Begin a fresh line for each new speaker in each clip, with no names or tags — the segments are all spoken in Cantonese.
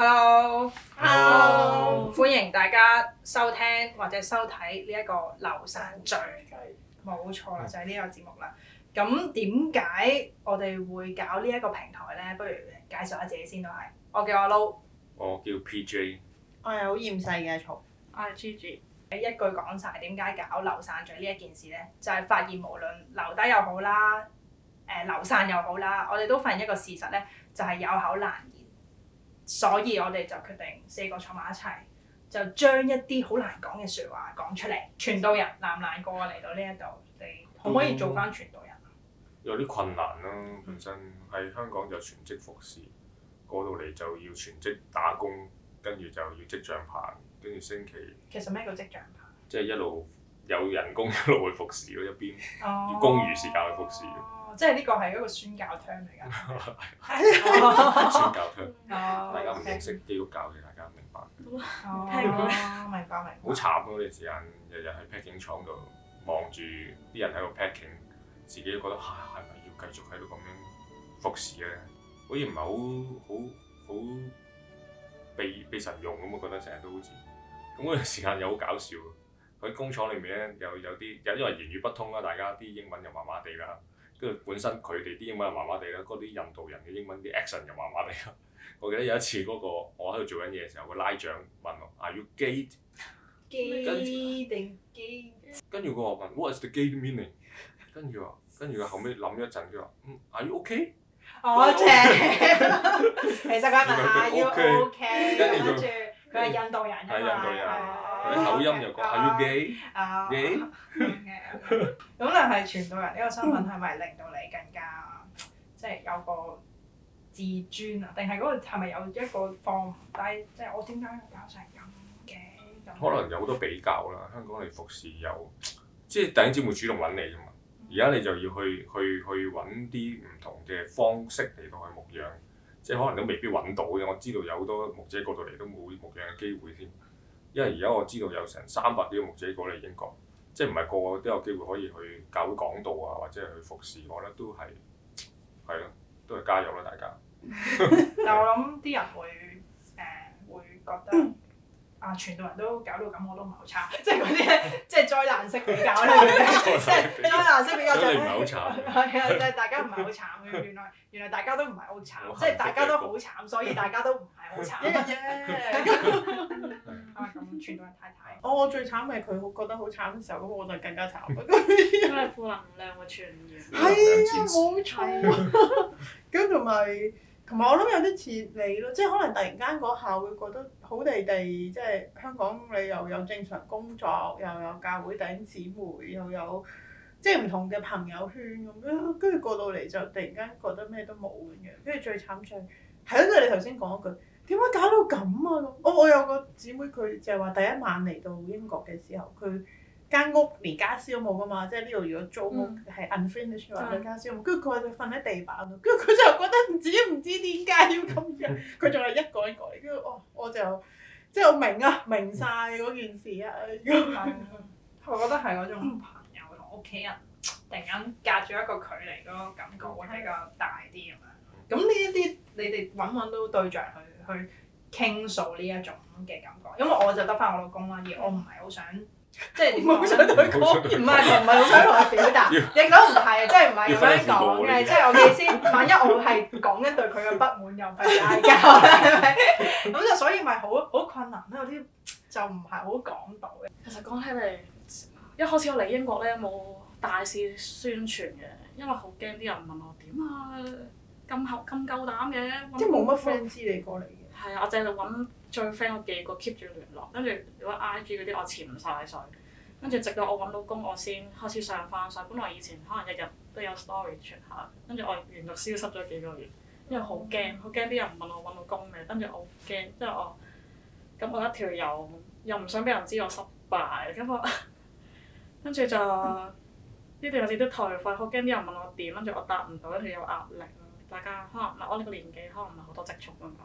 Hello，Hello，Hello. Hello. 歡迎大家收聽或者收睇呢一個流散聚，冇錯啦，就係、是、呢個節目啦。咁點解我哋會搞呢一個平台咧？不如介紹下自己先都係。我叫
阿撈，我叫 P J，
我係好厭世嘅阿嘈，我係 GG，一句講晒點解搞流散聚呢一件事咧，就係、是、發現無論留低又好啦，誒、呃，流散又好啦，我哋都發現一個事實咧，就係、是、有口難言。所以我哋就決定四個坐埋一齊，就將一啲好難講嘅説話講出嚟。傳道人難唔難，過嚟到呢一度，你可唔可以做翻傳道人？嗯、
有啲困難啦、啊，本身喺香港就全職服侍，過到嚟就要全職打工，跟住就要即場跑，跟住星期。
其實咩叫即場跑？
即係一路有人工，一路去服侍咯，一邊、哦、要工餘時間去服侍
哦、即係呢個
係一個宣教腔嚟㗎，宣 教腔廳， 大家唔認識基督教嘅，大家唔明白。明白，明白好慘咯！嗰段時間日日喺 packing 廠度望住啲人喺度 packing，自己都覺得係咪要繼續喺度咁樣服侍咧？好似唔係好好好被被神用咁，我覺得成日都好似咁，嗰陣時間又好搞笑。喺工廠裏面咧，有有啲又因為言語不通啦，大家啲英文又麻麻地啦。跟住本身佢哋啲英文麻麻地啦，嗰啲印度人嘅英文啲 action 又麻麻地。我記得有一次嗰個我喺度做緊嘢嘅時候，個拉長問我 Are you gate？跟住佢問 What is the gate meaning？跟住話，跟住佢後尾諗咗一陣，佢話嗯 Are you OK？
我正，其實佢問下 Are you OK？跟住佢係印度人
㗎嘛，啲口音又講 Are you gay
咁又係傳道人呢個身份係咪令到你更加即係有個自尊啊？定係嗰個係咪有一個放唔低？即係我點解搞成咁嘅可能
有好多比較啦。香港嚟服侍有，即係頂先會主動揾你啫嘛。而家你就要去去去揾啲唔同嘅方式嚟到去牧養，即係可能都未必揾到嘅。我知道有好多牧者過到嚟都冇牧養嘅機會先，因為而家我知道有成三百幾個牧者過嚟英國。即係唔係個個都有機會可以去搞講道啊，或者係去服侍我咧，都係係咯，都係加油啦，大家。
但 我諗啲人會誒、呃、會覺得啊，全隊人都搞到咁，我都唔係好慘，即係嗰啲即係災難式比較啦，即係災難式比較 就唔係好慘。係啊，即係大家唔係好慘嘅，原來原來大家都唔係好慘，即係大家都好慘，所以大家都唔係好慘。一樣嘢。咁傳到人太太。嗯、哦，我最慘係佢覺得好慘嘅時候，咁我就更
加慘。
咁因為負能量
嘅傳嘅。係啊，好慘。咁同埋同埋，我諗有啲似你咯，即係可能突然間嗰下會覺得好地地，即係香港你又有正常工作，又有教會頂姊妹，又有即係唔同嘅朋友圈咁樣，跟住過到嚟就突然間覺得咩都冇咁樣，跟住最慘就係係咯，即係你頭先講一句。點解搞到咁啊、哦？我我有個姊妹，佢就係話第一晚嚟到英國嘅時候，佢間屋連傢俬都冇噶嘛，即係呢度如果租屋係、嗯、unfinished 或者傢俬，跟住佢就瞓喺地板度，跟住佢就覺得自己唔知點解要咁樣，佢仲係一個一個，跟住哦我就即係我明啊，明晒嗰件事啊！嗯、 我覺得係嗰種朋友同屋企人突然間隔住一個距離嗰
個感覺會比較大啲咁樣。咁呢一啲你哋揾揾都對著佢，去傾訴呢一種嘅感覺，因為我就得翻我老公啦，而我唔係好想，即係點好想
同佢講，唔係唔係好想同
佢表達。亦都唔係，即係唔係咁樣講嘅，即係我嘅意思。萬一我係講緊對佢嘅不滿，又嗌交啦，係咪？咁就所以咪好好困難咯，有啲就唔係好講到嘅。其實講起嚟，一開始我嚟
英國咧冇大肆宣傳嘅，因為好驚啲人問我點啊，咁厚咁夠膽嘅。即係冇乜 friend 知我過嚟。係啊！我淨係度揾最 friend 嗰幾個 keep 住聯絡，跟住如果 IG 嗰啲我潛晒水，跟住直到我揾到工，我先開始上翻曬。本來以前可能日日都有 story 傳下，跟住我連續消失咗幾個月，因為好驚，好驚啲人問我揾到工未，跟住我好驚，即係我感覺一條又又唔想俾人知我失敗，感覺跟住就呢條有啲都頹廢，好驚啲人問我點，跟住我答唔到，跟住有壓力，大家可能唔係我呢個年紀，可能唔係好多積蓄啊。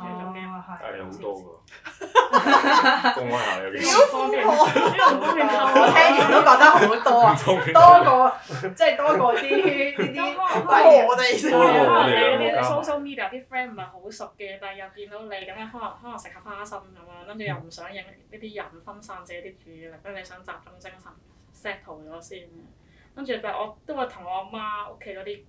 係好、嗯、多㗎， 公開下有啲，主要方面，我聽完都覺得好
多，啊， 多過即係、就是、多過啲呢啲。 可能我哋先，可能你嗰啲 social
media 啲 friend 唔係好熟嘅，但係又見到你咁樣，可能可能食下花生咁樣，跟住又唔想影呢啲人分散自己啲注意力，跟住想集中精神 settle 咗先。跟住但係我都會同我阿媽屋企嗰啲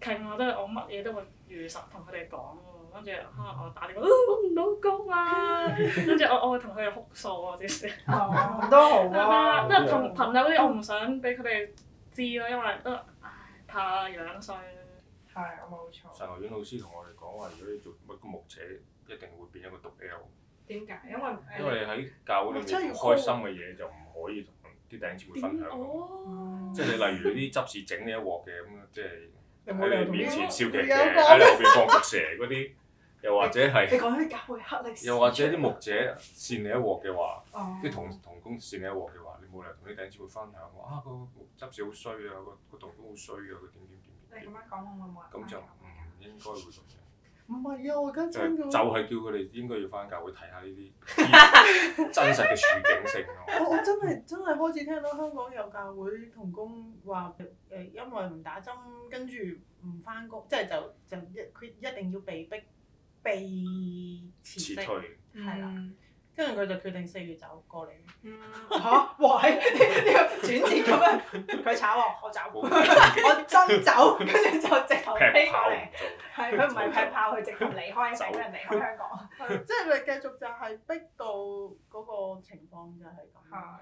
傾，我即係，我乜嘢都會如實同佢哋講。我跟住，哈！我打電話，我唔到工啊！跟住我，我同佢哋哭訴啊！啲事都好啊，即係同朋友嗰啲，我唔想俾佢哋知咯，因為都唉怕樣衰。
係啊，冇錯。實學院老師同我哋講話，如果你做乜嘅牧師，一定會變一個毒 L。點
解？因為因為喺教嗰啲唔開心
嘅嘢，就唔可以同啲頂尖會分享。即係例如啲執事整呢一鑊嘅咁樣，即係喺你面前笑嘅，喺你後面放毒蛇嗰啲。又或者係你講啲教會
黑歷史又或者啲牧
者扇你一鑊嘅話，啲同、哦、同、同工扇你一鑊嘅話，你冇理由同啲頂子會分享，啊，個執事好衰啊，個工、個洞都好衰啊，佢點點點？
你咁樣講，
我會冇。咁就唔應該會咁樣。唔係啊！
我而家真㗎。就係
叫佢哋應該要翻教會睇下呢啲
真實嘅處境性。我 我真係真係開始聽到香港有教會同工話誒，因為唔打針，跟住唔翻工，即係就、就一佢一定要被逼。被辭職，係啦，跟住佢就決定四月走過嚟。嚇！哇！呢個呢個轉折咁
樣，佢炒我，我走，我真走，跟住就直頭飛過嚟。係佢唔係劈炮，佢直頭離
開，成班人離開香港。即係佢繼續就係逼
到嗰個情況就係咁。係，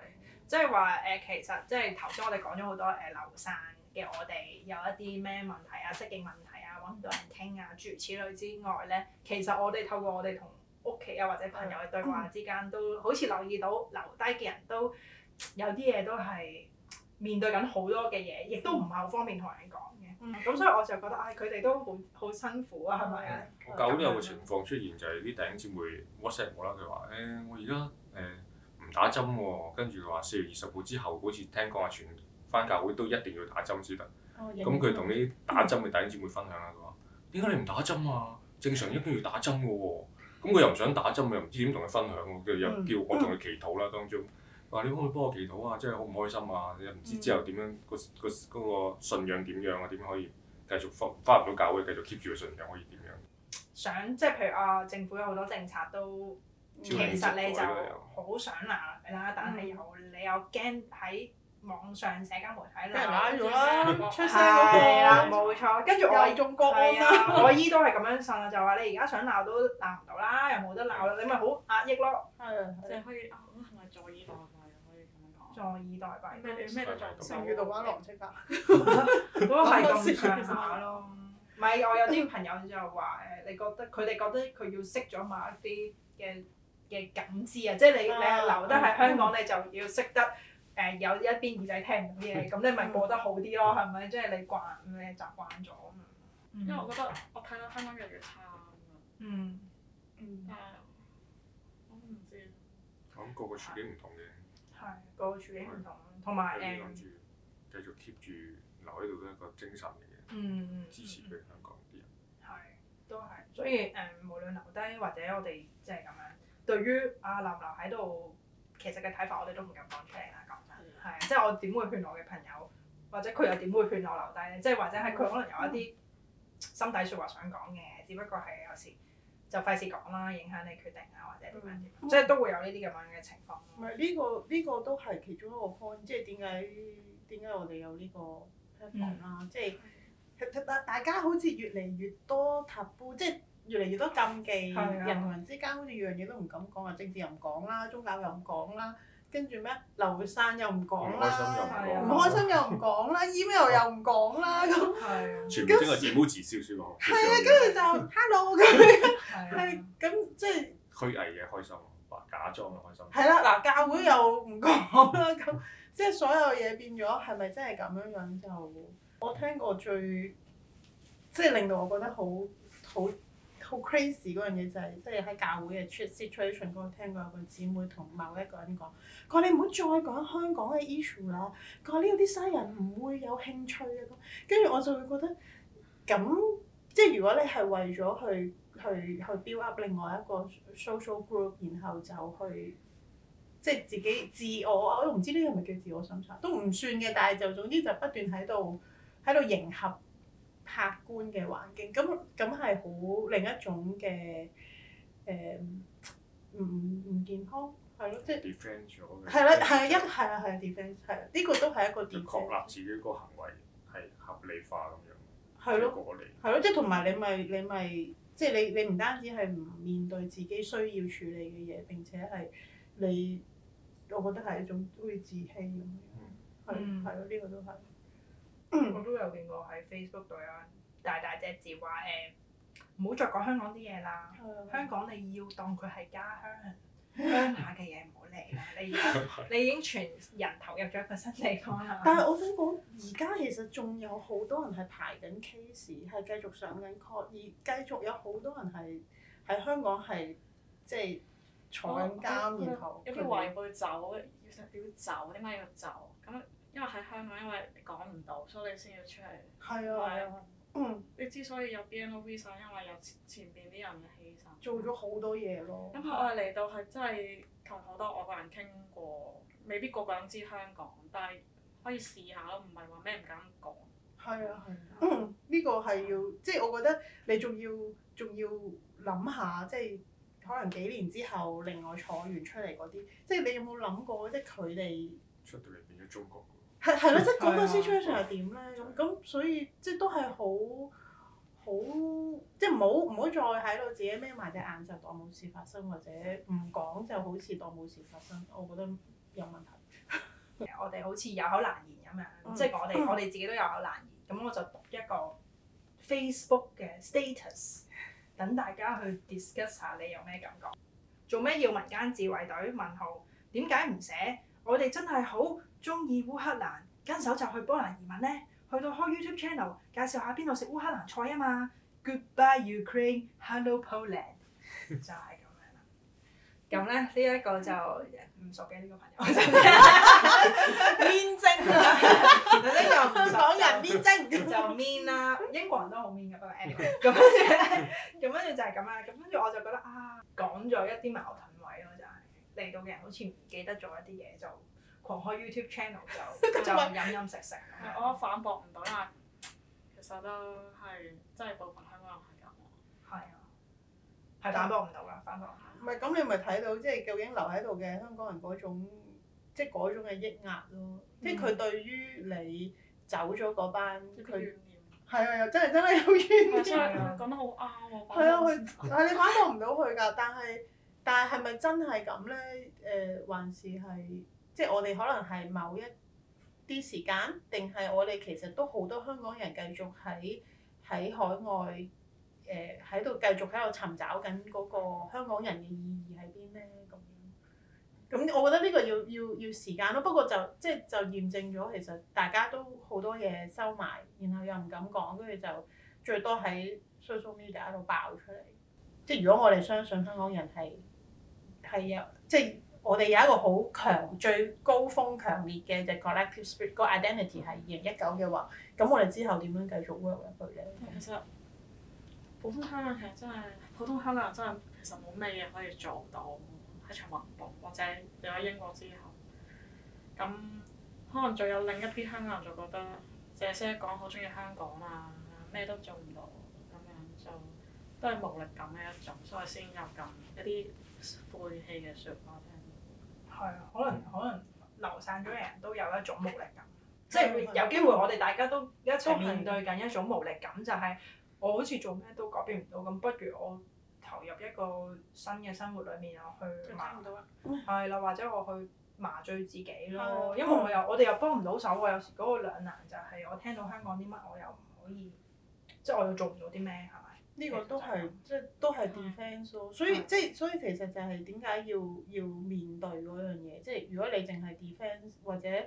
即係話誒，其實即係頭先我哋講咗好多誒，留散嘅我哋有一啲咩問題啊，適應問題。唔到人傾啊！諸如此類之外咧，其實我哋透過我哋同屋企啊或者朋友嘅對話之間，都好似留意到留低嘅人都有啲嘢都係面對緊好多嘅嘢，亦都唔係好方便同人講嘅。咁、嗯、所以我就覺得唉，佢、哎、哋都好好辛苦啊，係咪啊？教會都有個
情況出現，就係、是、啲弟兄姊妹 WhatsApp 我啦，佢話誒我而家誒唔打針喎、喔，跟住佢話四月二十號之後，好似聽講啊，全返教會都一定要打針先得。咁佢同啲打針嘅弟兄姊妹分享啊，佢話：點解你唔打針啊？正常一定要打針嘅喎。
咁佢又唔想打
針，又唔知點同佢分享。佢又叫我同佢祈禱啦，當中，話你可唔可以幫我祈禱啊？即係好唔開心啊！又唔知之後點樣、個個嗰個信仰點樣啊？點可以繼續翻翻唔到教會，繼續 keep 住個信仰可以點樣？
想即係譬如啊，政府有好多政策都、嗯、其實你就好想啦，但係又、嗯、你又驚喺。網上社交媒體啦，出聲啦，冇錯。跟住我阿仲哥啦。我阿姨都係咁樣信啦，就話你而家想鬧都鬧唔到啦，又冇得鬧啦，你咪好壓抑咯。係，就係可以，係咪坐以待斃？可以咁樣講。坐以待斃。咩咩都做等。成日讀玩邏輯吧。都係咁上下咯，唔係我有啲朋友就話誒，你覺得佢哋覺得佢要識咗某一啲嘅嘅感知啊，即係你你留得喺香港，你就要識得。誒有一邊耳仔聽唔到啲嘢，咁 你咪過得好啲咯，係咪？ 即係你慣，你習慣咗，因為我覺得 我睇到香港嘅越差嗯。嗯。誒
，yeah, 我
唔
知。咁個個處境唔同嘅。係個
個處境唔同，
同埋誒。 有繼續 keep 住留喺度都係一個精神嘅嘢，嗯支持對香港啲人。
係 都係，所以誒，無論留低或者我哋即係咁樣，對於阿林留喺度，其實嘅睇法我哋都唔敢講出嚟啦。係，即係我點會勸我嘅朋友，或者佢又點會勸我留低咧？即係或者係佢可能有一啲心底説話想講嘅，只不過係有時就費事講啦，影響你決定啊，或者點樣點樣，嗯、即係都會有呢啲咁樣嘅情況。
唔係呢個呢、這個都係其中一個 point，即係點解點解我哋有呢、這個 platform 啦？嗯嗯、即係大家好似越嚟越多 taboo，即係越嚟越多禁忌，的人同人之間好似樣嘢都唔敢講啊，政治又唔講啦，宗教又唔講啦。跟住咩？劉生又唔講啦，唔開心又唔講啦，email 又唔講啦，咁
全部都係字母字笑書講。係
啊，跟住就 hello 咁樣，係咁即係
虛偽嘅開心，扮假裝嘅開心。係
啦，嗱教會又唔講啦，咁即係所有嘢變咗係咪真係咁樣樣就？我聽過最即係令到我覺得好好。好 crazy 嗰樣嘢就係，即係喺教會嘅 situation 嗰度聽過有個姊妹同某一個人講，講你唔好再講香港嘅 issue 啦，佢話呢個啲西人唔會有興趣嘅，跟住我就會覺得，咁即係如果你係為咗去去去 build up 另外一個 social group，然後就去，即係自己自我，我都唔知呢個係咪叫自我審查，都唔算嘅，但係就總之就不斷喺度喺度迎合。客觀嘅環境，咁咁係好另一種嘅誒唔唔健康，係咯，
即係
係啦，係啊，一係啊，係啊，defence 係啊，呢個都係一
個。去確立自己個行為係合理化咁樣，係咯，係咯，即係
同埋你咪你咪，即係你你唔單止係唔面對自己需要處理嘅嘢，並且係你我覺得係一種好似自欺咁樣，係係
咯，呢個都係。嗯、我都有見過喺 Facebook 度有大大隻字話誒，唔、欸、好再講香港啲嘢啦。嗯、香港你要當佢係家鄉，鄉下嘅嘢唔好嚟啦。你已你已經全人投入咗一個新地方啦。 但係我想
講，而家其實仲有好多人係排緊 case，係繼續上緊 court，而繼續有好多人係喺香港係即係坐緊監，哦、然後，哦、然後有啲懷抱走，要食、要走？點解
要走？咁因為喺香港，因為。所以你先要出嚟，係啊。係啊，你之所以有 BNO visa，因為有前前邊啲人嘅犧牲，做
咗好多嘢咯。咁我哋
嚟到係真係同好多外國人傾過，未必個個都知香港，但係可以試下咯，唔係話咩唔敢講。係啊
係啊。呢個係要，嗯、即係我覺得你仲要仲要諗下，即係可能幾年之後另外坐完出嚟嗰啲，即係你有冇諗過即係佢哋出到嚟變咗中國。係係咯，即係嗰個 situation 係點咧？咁咁的所以即係都係好，好即係唔好唔好再喺度自己孭埋隻眼就當冇事發生，或者唔講
就好似當冇事發生。我覺得有問題。 我哋好似有口難言咁樣，嗯、即係我哋我哋自己都有口難言。咁、嗯、我就讀一個 Facebook 嘅 status，等大家去 discuss 下你有咩感覺。做咩要民間自衞隊問號？點解唔寫？我哋真係好～中意烏克蘭，跟手就去波蘭移民咧。去到開 YouTube channel，介紹下邊度食烏克蘭菜啊嘛。Goodbye Ukraine, Hello Poland， 就係咁樣啦。咁咧呢一、這個就唔熟嘅呢、這個朋友，面精，嗱呢個唔熟人面精就 mean 啦。英國人都好 mean 嘅，不過 anyway。咁跟住咧，咁跟住就係咁樣。咁跟住我就覺得啊，講咗一啲矛盾位咯，就係、係、嚟到嘅人好似唔記得咗一啲嘢就。放開 YouTube
channel 就 就飲
飲食食咁樣
我反駁唔到啦。其實都係真係部分
香
港人係咁喎。係啊。係反駁唔到啦，反駁唔。唔係咁，你咪睇到即係究竟留喺度嘅香港人嗰種，即係嗰種嘅抑壓咯。嗯、即係佢對於你走咗嗰班，佢係啊又真係真係有怨念。講 得好啱喎！係啊， 佢，但你反駁唔到佢㗎，但係但係係咪真係咁咧？誒、呃，還是係？即係我哋可能係某一啲時間，定係我哋其實都好多香港人繼續喺喺海外，誒喺度繼續喺度尋找緊嗰個香港人嘅意義喺邊咧？咁咁我覺得呢個要要要時間咯，不過就即係就驗證咗其實大家都好多嘢收埋，然後又唔敢講，跟住就最多喺 social media 度爆出嚟。即係如果我哋相信香港人係係有即係。我哋有一個好強、最高峰強烈嘅就 collective spirit，個 identity 係二零一九嘅話，咁我哋之後點樣繼續 work 入去咧？其實普通，
普通香港人真係普通香港人真係其實冇咩嘢可以做到喺場運動或者你喺英國之後，咁可能仲有另一批香港人就覺得，淨係識講好中意香港啊，咩都做唔到，咁樣就都係無力感嘅一種，所以先有咁一啲晦氣嘅
説話。係啊，可能可能流散咗嘅人都有一種無力感，即係有機會我哋大家都一齊面對緊一種無力感，的就係、是，我好似做咩都改變唔到，咁不如我投入一個新嘅生活裏面我去麻，係啦，或者我去麻醉自己咯，的因為我又我哋又幫唔到手喎，有時嗰個兩難就係我聽到香港啲乜我又唔可以，即係我又做唔到啲咩嚇。呢個都係即係都係 defense 咯，嗯、所以即係、就是、所以其實就係點解要
要面對嗰樣嘢？即、就、係、是、如果你淨係 defense 或者誒、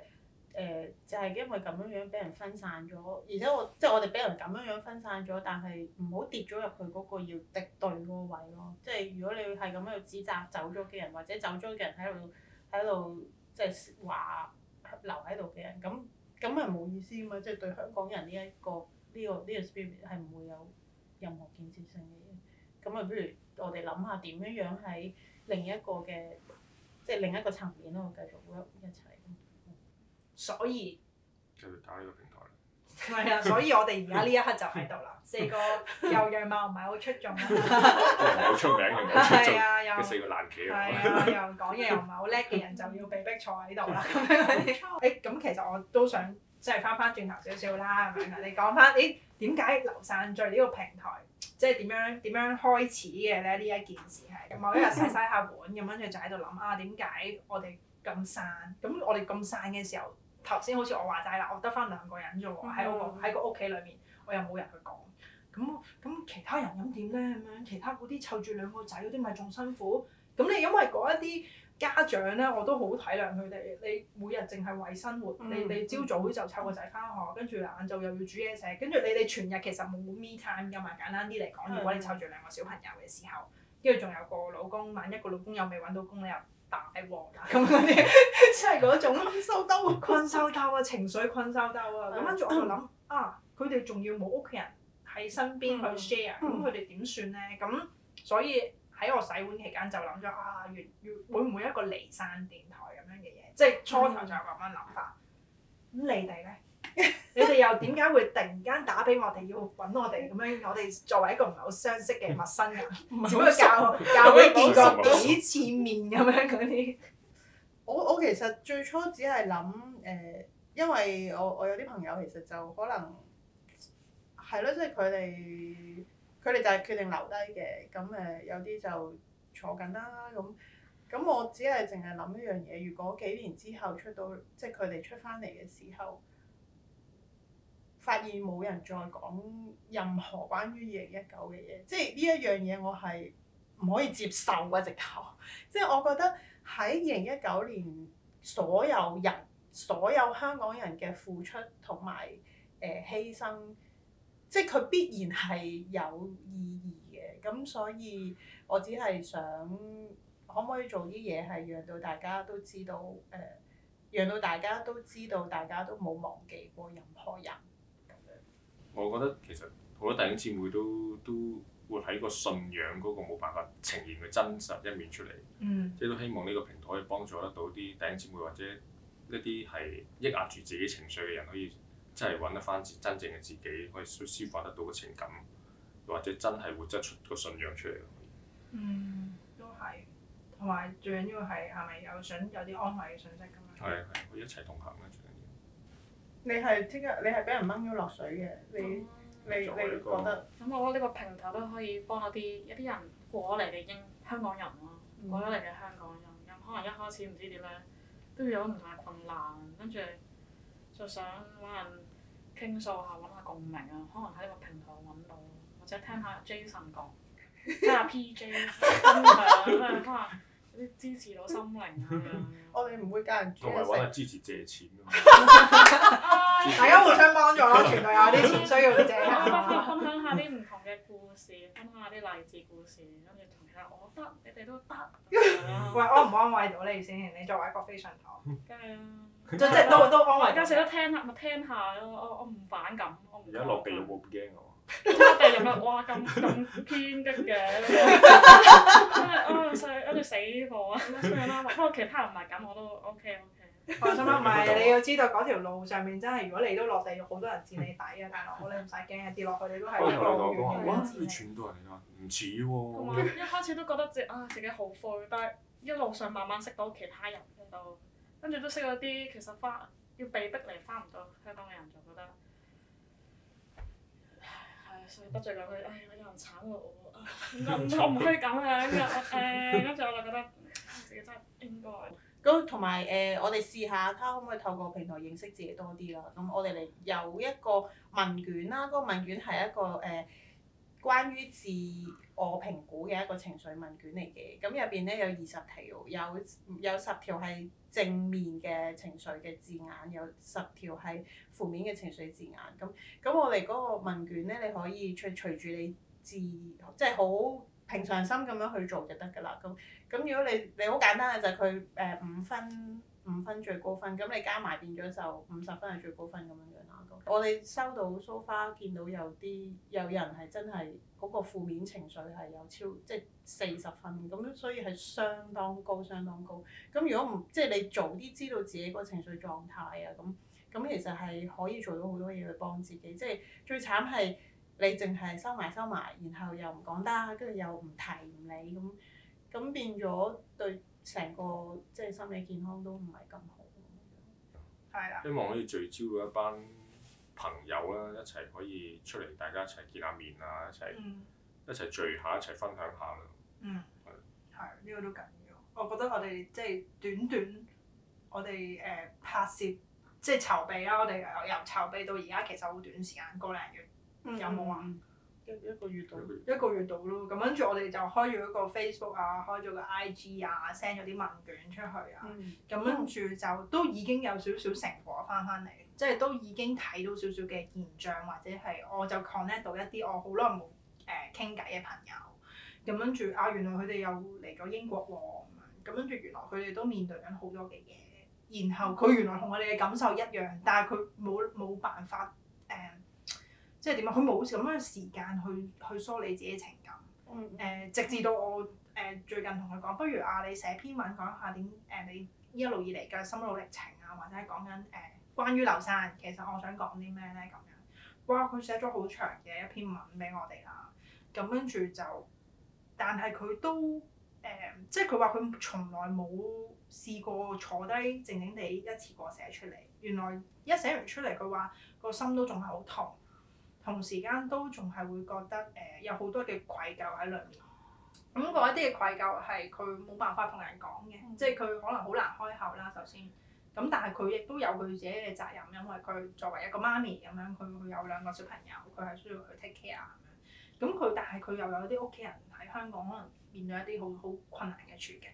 呃，就係因為咁樣樣俾人分散咗，而且我即係、就是、我哋俾人咁樣樣分散咗，但係唔好跌咗入去嗰個要敵對嗰個位咯。即、就、係、是、如果你係咁樣去指責走咗嘅人，或者走咗嘅人喺度喺度即係話留喺度嘅人，咁咁係冇意思啊嘛！即、就、係、是、對香港人呢、這、一個呢、這個呢、這個這個 spirit 係唔會有。任何建設性嘅嘢，咁啊，不如我哋諗下點樣樣喺另一個嘅，即係另一個層面度繼續 work 一齊。所以，
繼續搞呢個平台。係啊，所以我哋而家呢一刻就喺度啦，四個
又樣貌唔係好出眾。係 啊，又 四個爛棋。係啊，又講嘢又唔係好叻嘅人，就要被逼坐喺度啦。咁樣啲，誒咁其實我都想。即係翻翻轉頭少少啦，咁樣啦，你講翻，誒點解留散聚呢個平台，即係點樣點樣開始嘅咧？呢一件事係咁我一日洗洗下碗咁，跟住就喺度諗啊，點解我哋咁散？咁我哋咁散嘅時候，頭先好似我話齋啦，我得翻兩個人啫喎，喺我、mm hmm. 個喺個屋企裡面，我又冇人去講，咁咁其他人咁點咧？咁樣其他嗰啲湊住兩個仔嗰啲，咪仲辛苦？咁你因為嗰一啲。家長咧，我都好體諒佢哋。你每日淨係為生活，你你朝早就湊個仔返學，跟住晏晝又要煮嘢食，跟住你哋全日其實冇 me time 噶嘛。簡單啲嚟講，如果你湊住兩個小朋友嘅時候，跟住仲有個老公，萬一個老公又未搵到工，你又大鑊㗎，咁樣即係嗰種獸鬥、啊、 困獸鬥啊，情緒困獸鬥啊。咁跟住我就諗啊，佢哋仲要冇屋企人喺身邊去 share，咁佢哋點算咧？咁 所以。喺我洗碗期間就諗咗啊，要要會唔會一個離散電台咁樣嘅嘢？即係初頭就咁樣諗法。咁、嗯、你哋咧？ 你哋又點解會突然間打俾我哋，要搵我哋咁樣？我哋作為一個唔係好相識嘅陌生人，點解教教個 我哋見過、見過面咁
樣嗰啲？我我其實最初只係諗誒，因為我我有啲朋友其實就可能係咯，即係佢哋。就是佢哋就係決定留低嘅，咁誒有啲就坐緊啦，咁咁我只係淨係諗一樣嘢，如果幾年之後出到，即係佢哋出翻嚟嘅時候，發現冇人再講任何關於二零一九嘅嘢，即係呢一樣嘢我係唔可以接受嘅，直頭即係我覺得喺二零一九年所有人所有香港人嘅付出同埋誒犧牲。即係佢必然係有意義嘅，咁所以我只係想可唔可以做啲嘢係讓到大家都知道，誒、呃，讓到大家都知道，大家都冇忘記過任何人咁樣。
我覺得其實好多弟兄姊妹都都會喺個信仰嗰個冇辦法呈現嘅真實一面出嚟，嗯、即係都希望呢個平台可以幫助得到啲弟兄姊妹或者一啲係抑壓住自己情緒嘅人可以。即係揾得翻自真正嘅自己，可以舒消化得到嘅情感，或者真係活得出個信仰出嚟。嗯，
都係。同埋最緊要係係咪有想
有啲安慰嘅信息咁樣？係係，會一齊同行咧最緊要。
你係即刻，你係俾人掹咗落水嘅，嗯、你
你你覺得？咁、嗯、我覺得呢個
平台都可以幫到啲一啲人過嚟嘅英香港人咯、啊，嗯、過咗嚟嘅香港人咁可能一開始唔知點樣，都要有唔同嘅困難，跟住。就想揾人傾訴下，揾下共鳴啊！可能喺呢個平台揾到，或者聽
下 Jason 講，聽下 PJ 講，咁樣可能有啲支持到心靈。我哋唔會揀人。同埋揾人
支持借錢㗎嘛，
大家互相幫助咯，全部有啲錢需要借。分享
下啲唔同嘅故
事，分享下啲勵志故事，跟住同其他，我得，你哋都得。
喂，安唔安慰到你先？你作為一個非常黨。
梗
係啦。即即都都安慰。而家成日都聽啦，咪聽下咯，我我唔反感。而家落地獄冇
驚㗎喎。落地獄啊！哇，咁咁偏激嘅，真
係啊！成一個死火啊！所以
啦，不過其他唔係咁，我都 OK，OK。我
想問唔係你要知道嗰條路上面真係，如果你都落地獄，好多人賤你底嘅，但係我你唔使驚，跌落去你都係安全嘅。
哇！你串到人㗎？唔似喎。同我一
開始都覺得自啊自己好灰，但係一路
上慢慢識到其他人就。跟住都識咗啲，其實返要被逼嚟返唔到。香港嘅人就覺得，係所以得罪咗佢，唉！有人慘我喎，唔得唔得，我唔可以咁樣嘅，跟住我跟住
我就覺得自己真係應該。咁同埋誒，我哋試下睇下可唔可以透過平台認識自己多啲啦。咁我哋嚟有一個問卷啦，嗰個問卷係一個誒、呃，關於自。我評估嘅一個情緒問卷嚟嘅，咁入邊咧有二十條，有有十條係正面嘅情緒嘅字眼，有十條係負面嘅情緒字眼。咁咁我哋嗰個問卷咧，你可以隨隨住你自，即係好平常心咁樣去做就得㗎啦。咁咁如果你你好簡單嘅就係佢誒五分。五分最高分，咁你加埋變咗就五十分係最高分咁樣樣啦。我哋收到 so far 見到有啲有人係真係嗰個負面情緒係有超即係四十分咁，所以係相當高，相當高。咁如果唔即係你早啲知道自己個情緒狀態啊，咁咁其實係可以做到好多嘢去幫自己。即係最慘係你淨係收埋收埋，然後又唔講得，跟住又唔提唔理咁，咁變咗對。成個即係
心理健康都唔係咁好，係啦了。希望可以聚焦嗰一班朋友啦，一齊可以出嚟，大家一齊見下面啊，一齊、
嗯、
一齊聚一一下，一齊分享下咯。嗯，係呢是是個
都緊要。我覺得我哋即係短短，我哋誒、呃、拍攝即係籌備啦，我哋由籌備到而家其實好短時間，個零月、嗯、有冇啊？嗯一一個月到，一個月到咯。咁跟住我哋就開咗一個 Facebook 啊，開咗個 IG 啊，send 咗啲問卷出去啊。咁跟住就都已經有少少成果翻翻嚟，即係都已經睇到少少嘅現象，或者係我就 connect 到一啲我好耐冇誒傾偈嘅朋友。咁跟住啊，原來佢哋又嚟咗英國喎，啊。咁跟住原來佢哋都面對緊好多嘅嘢。然後佢原來同我哋嘅感受一樣，但係佢冇冇辦法。即係點樣？佢冇咁樣嘅時間去去梳理自己情感，誒、嗯、直至到我誒、呃、最近同佢講，不如啊，你寫篇文講下點誒、呃？你一路以嚟嘅心路歷程啊，或者係講緊誒關於流散，其實我想講啲咩咧咁樣。哇！佢寫咗好長嘅一篇文俾我哋啦，咁跟住就，但係佢都誒、呃，即係佢話佢從來冇試過坐低靜靜地一次過寫出嚟。原來一寫完出嚟，佢話個心都仲係好痛。同時間都仲係會覺得誒、呃、有好多嘅愧疚喺裏面，咁、嗯、嗰一啲嘅愧疚係佢冇辦法同人講嘅，即係佢可能好難開口啦。首先，咁但係佢亦都有佢自己嘅責任，因為佢作為一個媽咪咁樣，佢佢有兩個小朋友，佢係需要去 take care 咁樣，咁佢但係佢又有啲屋企人喺香港，可能面對一啲好好困難嘅處境，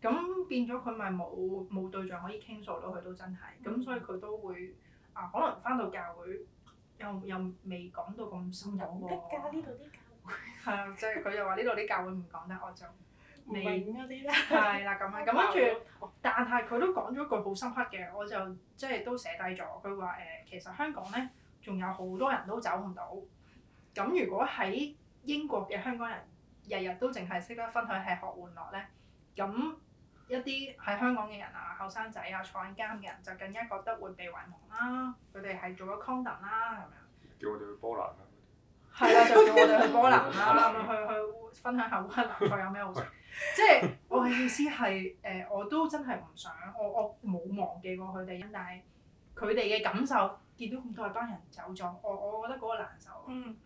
咁變咗佢咪冇冇對象可以傾訴到佢都真係，咁所以佢都會啊、呃，可能返到教會。又又未講到咁深入喎，係啊，即係佢又話呢度啲教會唔講得，我就
未
係啦咁樣咁跟住。但係佢都講咗句好深刻嘅，我就即係、就是、都寫低咗。佢話誒，其實香港咧仲有好多人都走唔到，咁如果喺英國嘅香港人日日都淨係識得分享吃喝玩樂咧，咁。 一啲喺香港嘅人啊，後生仔啊，坐緊監嘅人就更加覺得會被遺忘啦。佢哋係做咗康頓啦，咁樣。叫我哋去波蘭啦。係
啦， 就叫我哋去波蘭啦，咁 去
去分享下波蘭菜有咩好食。 即係我嘅意思係，誒，我都真係唔想，我我冇忘記過佢哋，但係
佢哋嘅感
受，見到咁多班人走咗，我我覺得嗰個難受，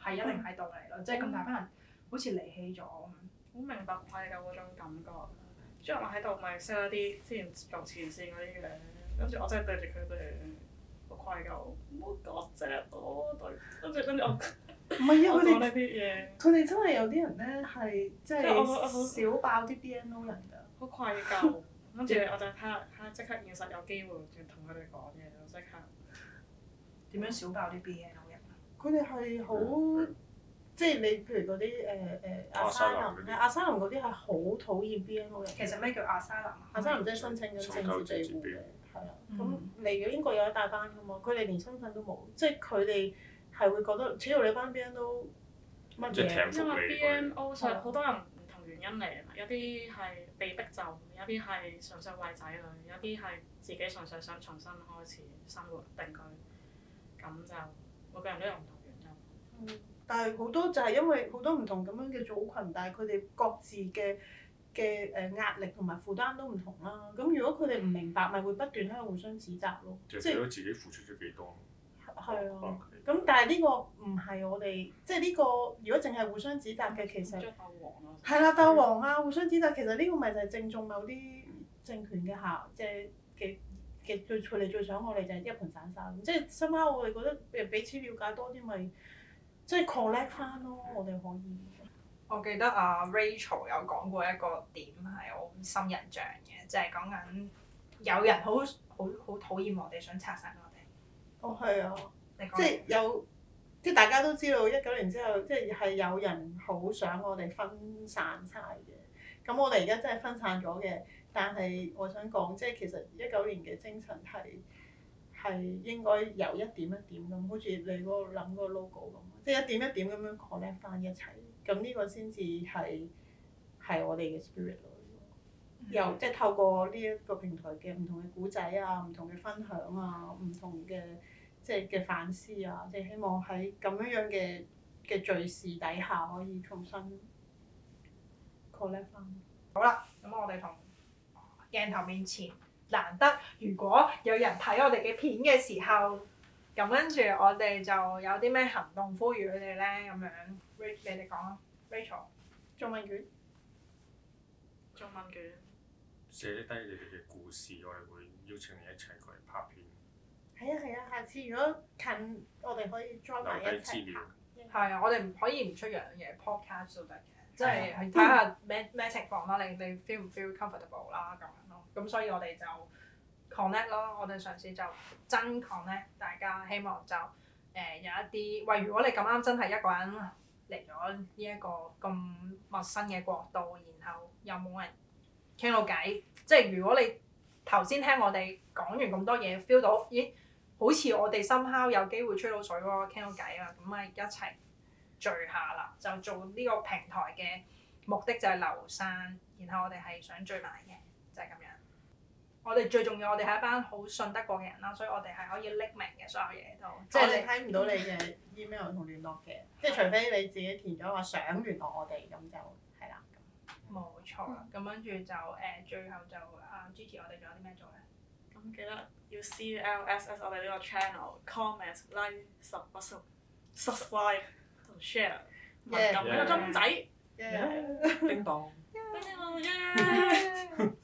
係一定喺度嚟咯。即係咁大班人好似離棄咗，嗯、好明白愧疚嗰種感覺。之
後我喺度咪 sell 一啲之前做前線嗰啲嘅，跟住我真係對住佢哋好
愧疚，唔好講啫我對，跟住跟住我唔係啊佢哋佢哋真係有啲人咧係即係少爆啲 BNO 人㗎，
好愧疚。跟住我就睇下睇下即刻現實有機會就同佢哋
講嘢，就即刻。點樣少爆啲 BNO 人？佢哋係好。 即係你譬如嗰啲誒誒亞沙林，亞沙林嗰啲係好討厭 BNO 嘅。其實咩叫亞沙林啊？亞沙林即係申請咗政治庇護嘅，係啊。咁嚟咗英國有一大班㗎嘛，佢哋連身份都冇，即係佢哋係會覺得，只要你班 BNO 乜嘢，因為 BNO 上好多人唔
同原因嚟啊嘛。有啲係被逼就，有啲係純粹為仔女，有啲係自己純粹想重新開始生活定居。咁就每個人都有唔同原因。
係好多就係因為好多唔同咁樣嘅組群，但係佢哋各自嘅嘅誒壓力同埋負擔都唔同啦。咁如果佢哋唔明白，咪會不斷喺度互相指責咯。即係睇
自己付出咗幾多。
係啊。咁但係呢個唔係我哋，即係呢個如果淨係互相指責嘅，其實。即係鬥王啊！係啦，鬥王啊！互相指責，其實呢個咪就係正中某啲政權嘅下嘅嘅嘅最最嚟最想我哋就係一盤散沙。即係深
秋，我哋覺得譬如彼此了解多啲咪。即係 collect
翻咯，我哋可以。
我記得阿 Rachel 有講過一個點係我深印象嘅，就係講緊有人好好好討厭我哋，想拆散我哋。哦，
係啊。你講 說。即係有，即係大家都知道，一九年之後，即係係有人好想我哋分散晒嘅。咁我哋而家真係分散咗嘅，但係我想講，即係其實一九年嘅精神係係應該由一點一點咁，好似你嗰、嗰個諗個 logo 咁。即係一點一點咁樣 collect 翻一齊，咁呢個先至係係我哋嘅 spirit 咯。這個嗯、又即係、就是、透過呢一個平台嘅唔同嘅故仔啊、唔同嘅分享啊、唔同嘅即係嘅反思啊，即、就、係、是、希望喺咁樣樣嘅嘅敘事底下可以重
新 collect 翻。好啦，咁我哋同鏡頭面前，難得如果有人睇我哋嘅片嘅時候。咁跟住我哋就有啲咩行動呼籲佢哋咧，咁樣，Ray，你哋講啦，Rachel，做問卷，
做問卷，寫低你哋嘅故事，我哋會邀請你一齊過嚟拍片。係啊
係啊，下次如果
近，我哋可以 join 埋一齊
行。
係名、嗯、啊，我哋唔可以唔出樣嘢，podcast 都得嘅，即係睇下咩咩情況啦，你哋 feel 唔 feel comfortable 啦咁樣咯，咁 所以我哋就。connect 咯，我哋嘗試就真 connect，大家希望就誒、呃、有一啲，喂，如果你咁啱真係一個人嚟咗呢一個咁陌生嘅國度，然後又冇人傾到偈，即係如果你頭先聽我哋講完咁多嘢，feel 到，咦，好似我哋 somehow 有機會吹到水喎，傾到偈啊，咁咪一齊聚下啦，就做呢個平台嘅目的就係留散，然後我哋係想聚埋嘅，就係、是、咁樣。我哋最重要，我哋係一班好信得過嘅人啦，所以我哋係可以匿名嘅，所有嘢都，即係你睇唔到你嘅 email 同
聯絡嘅，即係除非你自己填咗話想聯絡我哋咁就
係啦。冇錯，咁跟住就誒，最後就啊 Gigi，我哋仲有啲咩做咧？咁記得
要 C L S yeah, S 我哋呢個 channel comment like 十八十 subscribe
同 share，唔撳呢個鐘
仔，叮當，叮當，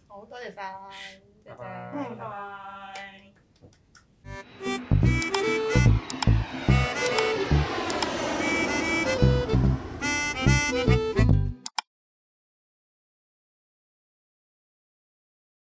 好多謝晒。嗯，拜。